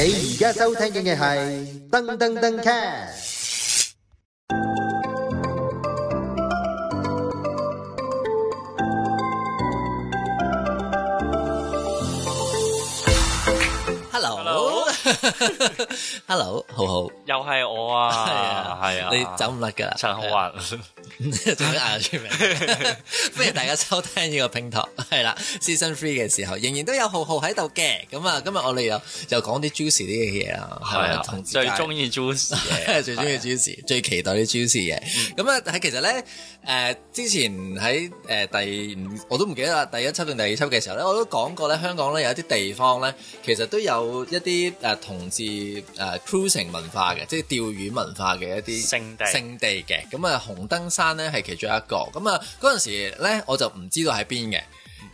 你而家收聽嘅係噔噔噔 cast。Hello，哈 Hello，好好，又係我啊，係啊，係啊，你走唔甩噶啦，陳浩雲。做啲牙出名，歡迎大家收聽呢個拼托，係啦，Season Three 嘅時候，仍然都有浩浩喺度嘅，咁啊，今日我哋又又講啲 Juice 啲嘅嘢啊，係啊，最鍾意 Juice 嘅，最鍾意 Juice，最期待啲 Juice 嘅，咁啊，但係其實咧，誒，之前喺誒第我都唔記得啦，第一輯定第二輯嘅時候咧，我都講過咧，香港咧有一啲地方咧，其實都有一啲誒同志誒 Cruising 文化嘅，即係釣魚文化嘅一啲聖地聖地嘅，咁啊紅燈山咧係其中一個咁啊，嗰陣時咧我就唔知道喺邊嘅，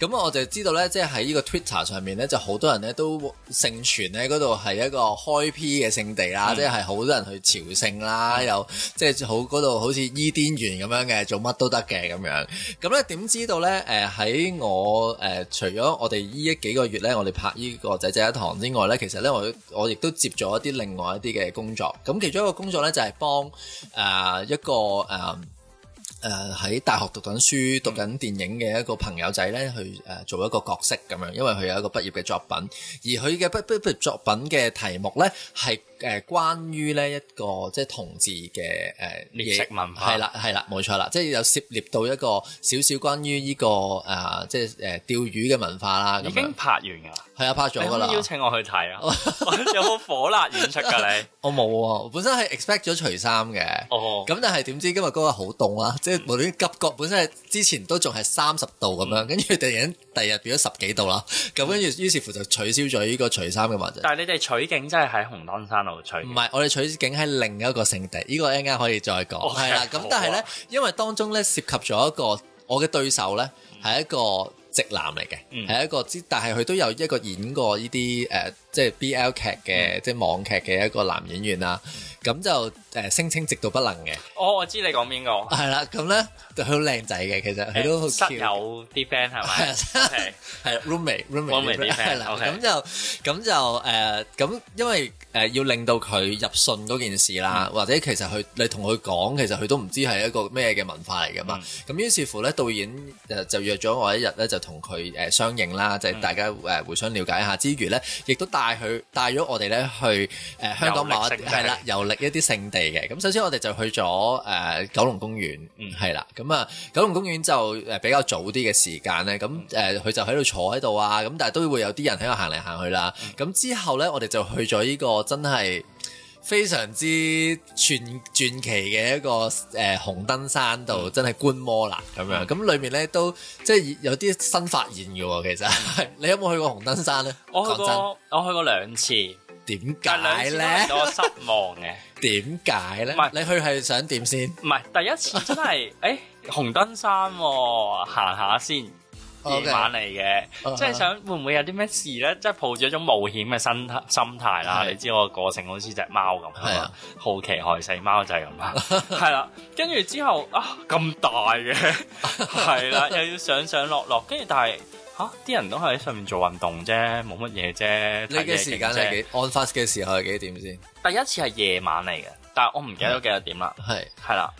咁我就知道咧，即係喺呢個 Twitter 上面咧，就好多人咧都盛傳咧嗰度係一個開 P 嘅聖地啦，嗯、即係好多人去朝聖啦，又、嗯、即係好嗰度好似伊甸園咁樣嘅，做乜都得嘅咁樣。咁咧點知道咧？誒喺我誒、呃、除咗我哋呢幾個月咧，我哋拍呢、這個仔仔一堂之外咧，其實咧我我亦都接咗一啲另外一啲嘅工作。咁其中一個工作咧就係幫誒一個誒。呃呃呃呃呃呃呃誒喺大學讀緊書、讀緊電影嘅一個朋友仔咧，去誒做一個角色咁樣，因為佢有一個畢業嘅作品，而佢嘅畢畢畢業作品嘅題目咧係。誒，關於呢一個即係同志嘅誒嘢文化，係啦係啦，冇錯啦，即係有涉獵到一個少少關於呢、呢個誒、呃，即係誒釣魚嘅文化啦。已經拍完㗎啦，係啊，拍咗㗎啦。你點邀請我去睇啊？ 有冇火辣演出㗎你？ 我冇啊，本身係 expect 咗除衫嘅，哦、oh. 啊，咁但係點知今日嗰個好凍啦，即係無論急覺，本身係之前都仲係三十度咁樣，跟住突然間第二日變咗十幾度啦，咁跟住於是乎就取消咗呢個除衫嘅環節。 但係你哋取景真係喺紅山山唔係，我哋取景喺另一個聖地，依、這個一陣間可以再講，係啦。咁但係呢，因為當中呢，涉及咗一個我嘅對手呢係一個直男嚟嘅，係、mm. 一個之，但係佢都有一個演過呢啲誒。Uh, 即係 BL 劇嘅，即係網劇嘅一個男演員啦。咁就誒聲稱直到不能嘅。哦，我知你講邊個。係啦，咁咧佢好靚仔嘅，其實佢都好。有啲 friend 係咪？係係 roommate，roommate 係啦。咁就咁就誒咁，因為誒要令到佢入信嗰件事啦，或者其實佢你同佢講，其實佢都唔知係一個咩嘅文化嚟㗎嘛。咁於是乎咧，導演誒就約咗我一日咧，就同佢誒相認啦，就係大家誒互相瞭解一下之餘咧，亦都帶。帶佢帶咗我哋咧去誒、呃呃、香港某一係啦，遊歷一啲聖地嘅。咁首先我哋就去咗誒、呃、九龍公園，嗯係啦，咁啊九龍公園就誒比較早啲嘅時間咧，咁誒佢就喺度坐喺度啊，咁但係都會有啲人喺度行嚟行去啦，咁、嗯、之後咧我哋就去咗依個真係。非常之傳傳奇嘅一個誒、呃、紅燈山度，真係觀摩啦咁樣。咁裏面咧都即係有啲新發現嘅喎，其實。你有冇去過紅燈山咧？我去過，我去過兩次。點解咧？我失望嘅。點解咧？唔係 是你去係想點先？唔係，第一次真係，誒、哎、紅燈山行，啊、下先。夜晚嚟嘅，即係想會唔會有啲咩事咧？即係抱住一種冒險嘅心態，心態啦。你知我個性好似隻貓咁啊，的好奇害死貓就係咁啦。係啦， 跟住之後啊，咁大嘅，係 啦，又要上上落落，跟住但係吓，啲、啊、人都係喺上面做運動啫，冇乜嘢啫。你嘅時間咧幾？案發嘅時候係幾點先？第一次係夜晚嚟嘅，但係我唔記得咗幾多點啦。係係啦。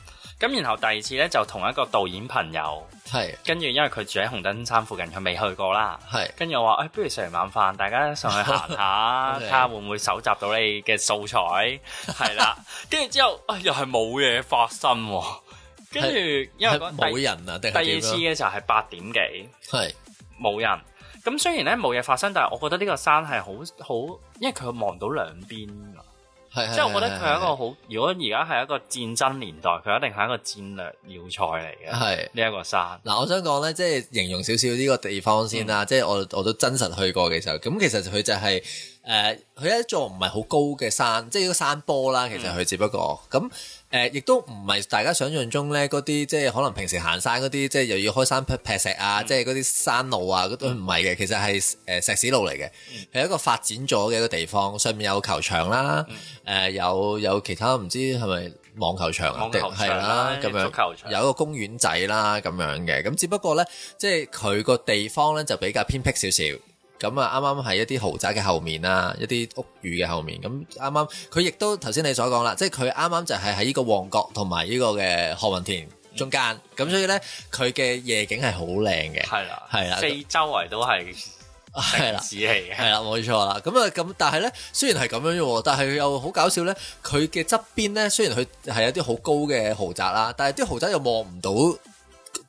咁然後第二次咧就同一個導演朋友，係跟住因為佢住喺紅燈山附近，佢未去過啦，係跟住我話，誒、哎、不如食完晚飯，大家上去行下，睇下 會唔會搜集到你嘅素材，係 啦。跟住之後，啊、哎、又係冇嘢發生、啊，跟住是因為冇人啊，第，第二次嘅時候係八點幾，係冇是人。咁雖然咧冇嘢發生，但係我覺得呢個山係好好，因為佢望到兩邊。即係我覺得佢係一個好，如果而家係一個戰爭年代，佢一定係一個戰略要塞嚟嘅。係呢一個山。嗱，我想講咧，即係形容少少呢個地方先啦。嗯、即係我我都真實去過嘅時候，咁其實佢就係。誒，佢一座唔係好高嘅山，即係一個山坡啦。其實佢只不過咁誒，亦都唔係大家想象中咧嗰啲，即係可能平時行山嗰啲，即係又要開山劈石啊，即係嗰啲山路啊，都唔係嘅。其實係誒石屎路嚟嘅，係一個發展咗嘅一個地方。上面有球場啦，誒有有其他唔知係咪網球場啊，係啦咁樣，足球場，有個公園仔啦咁樣嘅。咁只不過咧，即係佢個地方咧就比較偏僻少少。咁啊，啱啱喺一啲豪宅嘅後面啦，一啲屋宇嘅後面。咁啱啱佢亦都頭先你所講啦，即係佢啱啱就係喺呢個旺角同埋呢個嘅何文田中間。咁、嗯、所以呢，佢嘅夜景係好靚嘅。係啦，係啦，四周圍都係城市氣嘅，係啦，冇錯啦。咁啊，咁但係呢，雖然係咁樣啫喎，但係佢又好搞笑呢。佢嘅側邊呢，雖然佢係有啲好高嘅豪宅啦，但係啲豪宅又望唔到。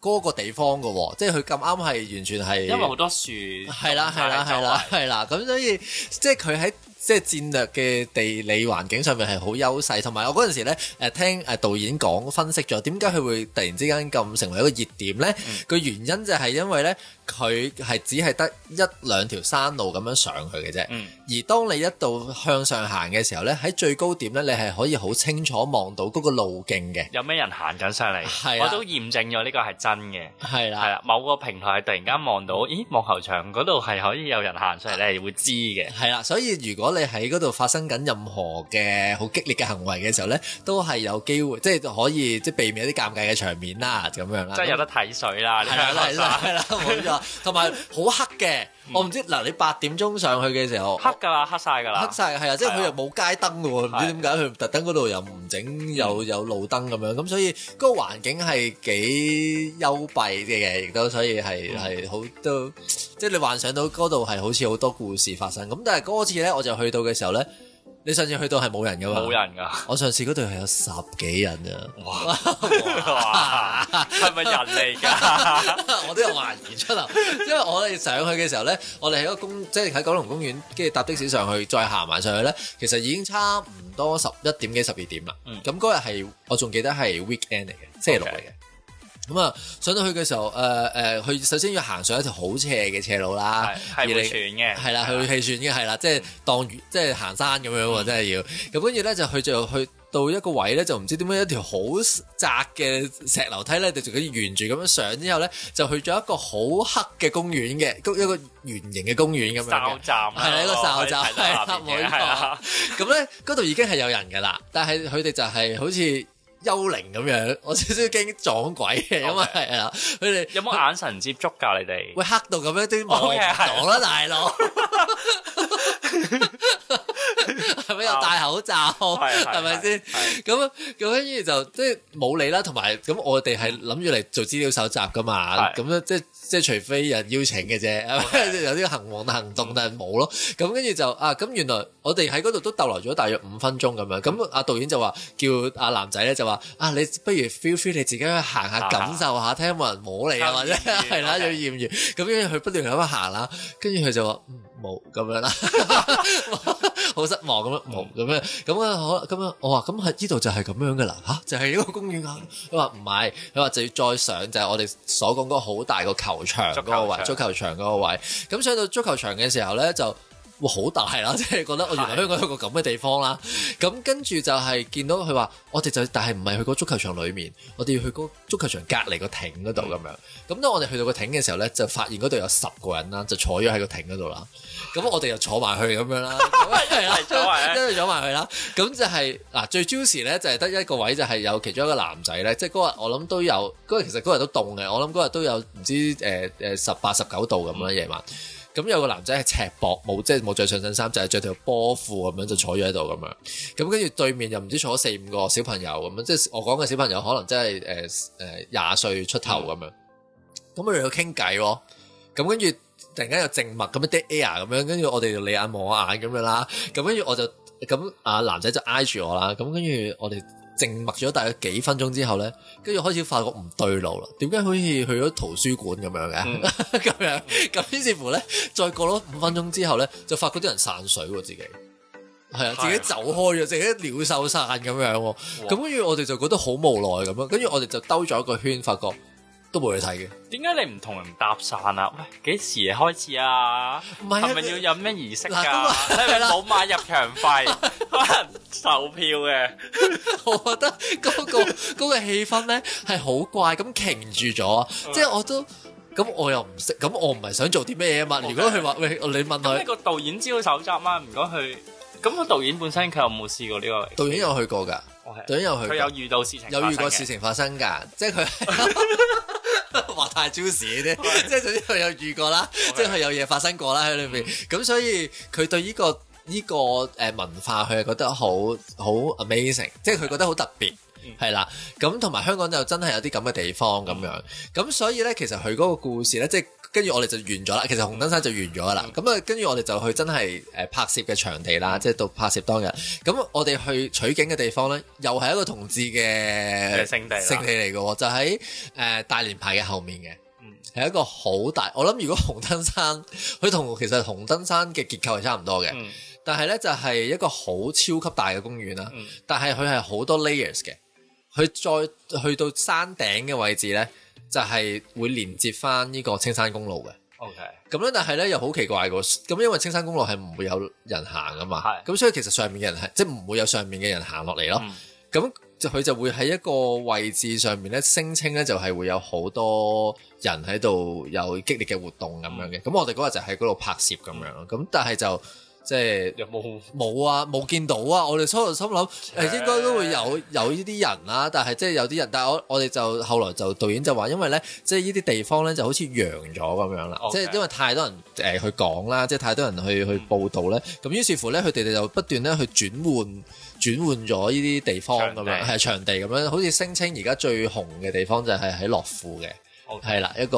嗰個地方嘅喎，即係佢咁啱係完全係，因為好多樹，係啦，係啦，係啦，係啦，咁所以即係佢喺即係戰略嘅地理環境上面係好優勢，同埋我嗰陣時咧誒聽誒導演講分析咗，點解佢會突然之間咁成為一個熱點咧？個、嗯、原因就係因為咧。佢係只係得一兩條山路咁樣上去嘅啫，而當你一度向上行嘅時候咧，喺最高點咧，你係可以好清楚望到嗰個路徑嘅。有咩人行緊上嚟？係啊，我都驗證咗呢個係真嘅。係啦，係啦，某個平台突然間望到，咦，網球場嗰度係可以有人行出嚟咧，你係會知嘅。係啦，所以如果你喺嗰度發生緊任何嘅好激烈嘅行為嘅時候咧，都係有機會，即係就可以即係避免一啲尷尬嘅場面啦，咁樣啦。即係有得睇水啦，呢個係啦，係啦，冇錯。同埋好黑嘅，嗯、我唔知嗱，你八點鐘上去嘅時候，黑噶啦，黑晒噶啦，黑晒。係啊，啊即係佢又冇街燈嘅喎，唔、啊、知點解佢特登嗰度又唔整又有路燈咁樣，咁所以嗰個環境係幾幽閉嘅，嘅，亦都所以係係好都，嗯、即係你幻想到嗰度係好似好多故事發生，咁但係嗰次咧，我就去到嘅時候咧。你上次去到係冇人噶嘛？冇人噶，我上次嗰度係有十幾人啊。哇，係咪人嚟㗎？ 我都有懷疑出頭，因為我哋上去嘅時候咧，我哋喺個公，即係喺九龍公園，跟住搭的士上去，再行埋上去咧，其實已經差唔多十一點幾、十二點啦。嗯。咁嗰日係我仲記得係 weekend 嚟嘅，星期六嚟嘅。咁啊，上到去嘅時候，誒誒，佢首先要行上一條好斜嘅斜路啦，係會喘嘅，係啦，係會氣喘嘅，係啦，即係當即係行山咁樣喎，真係要。咁跟住咧就佢就去到一個位咧，就唔知點樣一條好窄嘅石樓梯咧，就仲可以沿住咁樣上之後咧，就去咗一個好黑嘅公園嘅，一個圓形嘅公園咁樣嘅站，係一個站，站內咁咧，嗰度已經係有人㗎啦，但係佢哋就係好似。幽靈咁樣，我少少意驚撞鬼嘅，因為係啊，佢哋有冇眼神接觸噶？你哋會黑到咁樣都冇嘅，係啦，大佬，係咪又戴口罩？係咪先？咁咁，跟住就即係冇你啦。同埋咁，我哋係諗住嚟做資料搜集噶嘛。咁樣即係即係，除非有人邀請嘅啫，有啲行黃行動但係冇咯。咁跟住就啊，咁原來我哋喺嗰度都逗留咗大約五分鐘咁樣。咁阿導演就話叫阿男仔咧，就話。啊！你不如 feel feel 你自己去行下，感受下，睇有冇人摸你啊？或者係啦，要驗唔驗？咁樣佢不斷咁樣行啦，跟住佢就話冇咁樣啦，好失望咁樣冇咁樣，咁啊好咁啊！我話咁係呢度就係咁樣噶啦，吓就係呢個公園啊！佢話唔係，佢話就要再上就係我哋所講嗰好大個球場嗰個位，足球場嗰個位。咁上到足球場嘅時候咧就。哇，好大啦！即係覺得我原來香港有個咁嘅地方啦。咁是的 跟住就係見到佢話，我哋就但係唔係去個足球場裏面，我哋要去個足球場隔籬、嗯、個艇嗰度咁樣。咁當我哋去到個艇嘅時候呢，就發現嗰度有十個人啦，就坐咗喺個艇嗰度啦。咁、嗯、我哋又坐埋去咁樣啦，跟住坐埋去啦。咁就係、是、嗱、啊，最 juicy 咧就係得一個位，就係有其中一個男仔呢。即係嗰日我諗都有，嗰日其實嗰日都凍嘅，我諗嗰日都有唔知誒誒、呃、十八,十八,十九度咁啦，夜晚、嗯。咁有個男仔係赤膊，冇即係冇著上身衫，就係着條波褲咁樣就坐咗喺度咁樣。咁跟住對面又唔知坐咗四五個小朋友咁樣，即係我講嘅小朋友可能真係誒誒廿歲出頭咁樣。咁我哋去傾偈喎。咁跟住突然間又靜默咁樣 dead air 咁樣。跟住我哋就你眼望我眼咁樣啦。咁跟住我就咁啊，男仔就挨住我啦。咁跟住我哋。靜默咗大概幾分鐘之後呢，跟住開始發覺唔對路啦，點解好似去咗圖書館咁樣嘅？咁、嗯、 樣咁於是乎呢，再過咗五分鐘之後呢，就發覺啲人散水喎，自己係、嗯、啊，自己走開咗，的自己鳥獸散咁樣，咁跟住我哋就覺得好無奈咁樣，跟住我哋就兜咗一個圈，發覺。都冇去睇嘅。點解你唔同人搭訕啊？喂，幾時開始啊？唔係，係咪要有咩儀式噶？係咪冇買入場費？可能售票嘅？我覺得嗰個嗰個氣氛咧係好怪，咁擎住咗，即係我都咁我又唔識，咁我唔係想做啲咩嘢嘛？如果佢話喂，你問佢個導演知道手執嗎？如果佢咁個導演本身佢有冇試過呢個？導演有去過噶，導演有去，佢有遇到事情，有遇過事情發生噶，即係佢。華太超市啲，對即係總之佢有遇過啦，對即係佢有嘢發生過啦喺裏面。咁、嗯、所以佢對呢、呢個依、呢個誒文化，佢係覺得好好 amazing，、嗯、即係佢覺得好特別，係、嗯、啦。咁同埋香港就真係有啲咁嘅地方咁、嗯、樣。咁所以咧，其實佢嗰個故事咧，即係。跟住我哋就完咗啦，其實紅燈山就完咗啦。咁啊、嗯，跟住我哋就去真係誒拍攝嘅場地啦，即係到拍攝當日。咁我哋去取景嘅地方呢，又係一個同志嘅聖地聖地嚟嘅喎，就喺、呃、大連排嘅後面嘅，係、嗯、一個好大。我諗如果紅燈山佢同其實紅燈山嘅結構係差唔多嘅，嗯、但係呢就係、是、一個好超級大嘅公園啦。嗯、但係佢係好多 layers 嘅，佢再去到山頂嘅位置呢。就係會連接翻呢個青山公路嘅，OK，咁咧，但係咧又好奇怪嘅，咁因為青山公路係唔會有人行噶嘛，係，咁所以其實上面嘅人係即係唔會有上面嘅人行落嚟咯，咁佢、嗯、就會喺一個位置上面咧聲稱咧就係會有好多人喺度有激烈嘅活動咁樣嘅，咁、嗯、我哋嗰日就喺嗰度拍攝咁樣咯，咁但係就。即係有冇冇啊冇見到啊！我哋初頭心諗誒 應該都會有有呢啲人啦，啊，但係即係有啲人，但係我我哋就後來就導演就話，因為咧即係呢啲地方咧就好似揚咗咁樣啦，Okay. 即係因為太多人誒、呃、去講啦，即係太多人去去報導咧，咁、嗯、於是乎咧佢哋就不斷咧去轉換轉換咗呢啲地方咁樣係場地咁樣，好似聲稱而家最紅嘅地方就係喺樂富嘅。係啦，Okay. 一個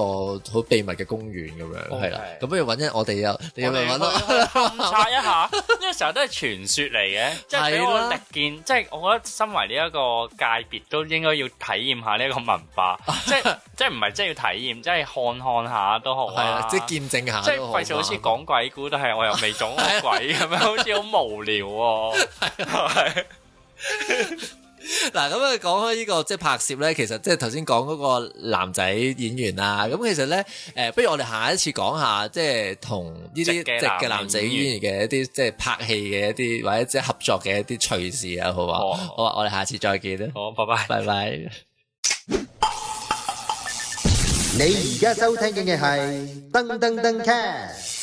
好秘密嘅公園咁樣，係啦 Okay.，咁不如揾一我哋有，你有冇揾到？去勘察一下，呢個 時候都係傳說嚟嘅，即係俾我歷見，即係 我覺得身為呢一個界別，都應該要體驗下呢一個文化，就是、是即係即係唔係即係要體驗，即、就、係、是、看看下都好，係啦，即係見證下，即係費事好似講鬼故，都係我又未撞過鬼咁樣， 好似好無聊喎、啊，係、嗯 嗱，咁啊，講開、這個、呢個即係拍攝咧，其實即係頭先講嗰個男仔演員啦、啊。咁其實咧，誒、呃，不如我哋下一次講下，即係同呢啲直嘅男仔演員嘅一啲即係拍戲嘅一啲，或者即係合作嘅一啲趣事啊，好嘛？哦、好啊，好，我哋下次再見啦。好，拜拜，拜拜 bye。你而家收聽緊嘅係噔噔噔 c